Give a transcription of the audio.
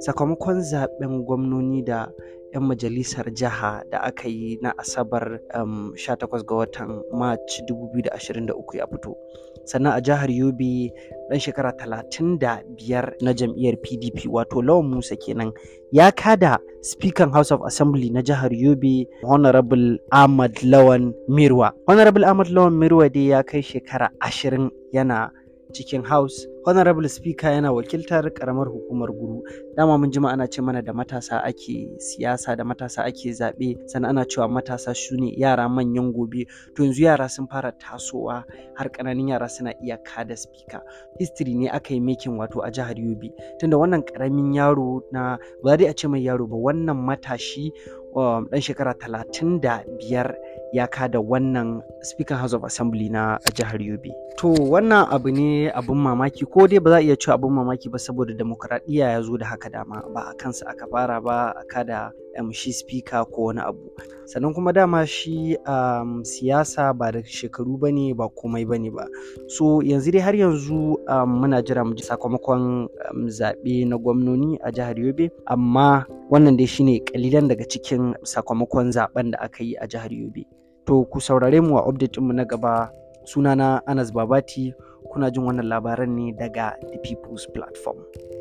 sakamakon zaben gwamnoni da 'yan majalisar jiha da aka yi na asabar 18 um, ga watan march 2023 ya fito sannan a jihar yobe dan shekara 35 na jam'iyyar pdp wato lawan musa kenan ya kada speaker house of assembly na jihar yobe honorable ahmad lawan mirwa honorable ahmad lawan mirwa dai ya kai shekara 20 yana cikin house honorable speaker yana wakiltar karamar hukumar guru dama mun jima ana ce mana da matasa ake siyasa da matasa ake zaɓe sannan ana cewa matasa su ne yara manyan gobe to yanzu yara sun fara tasowa har ƙananun yara suna iya kada speaker history ne aka yi making wato a jihar yobe tunda wannan ƙaramin yaro na ba dai a ce mai yaro ba wannan matashi dan um, shekara talatin da biyar ya kada wannan speaker house of assembly na jihar yobe to wannan abu ne abun mamaki ko dai ba za a iya cewa abun mamaki ba saboda demokuraɗiyya ya zo da haka dama ba a kansa aka fara ba a kada da um, shi speaker ko wani abu sannan kuma dama shi um, siyasa ba da shekaru ba ne ba komai ba ne ba so yanzu dai har yanzu um, muna jira mu ji sakamakon um, zaɓe na gwamnoni a jihar yobe amma wannan dai shine kalilan daga cikin sakamakon zaben da aka yi a jihar yobe to ku saurare mu a update mu na gaba sunana Anas Babati kuna jin wannan labaran ne daga The People's Platform.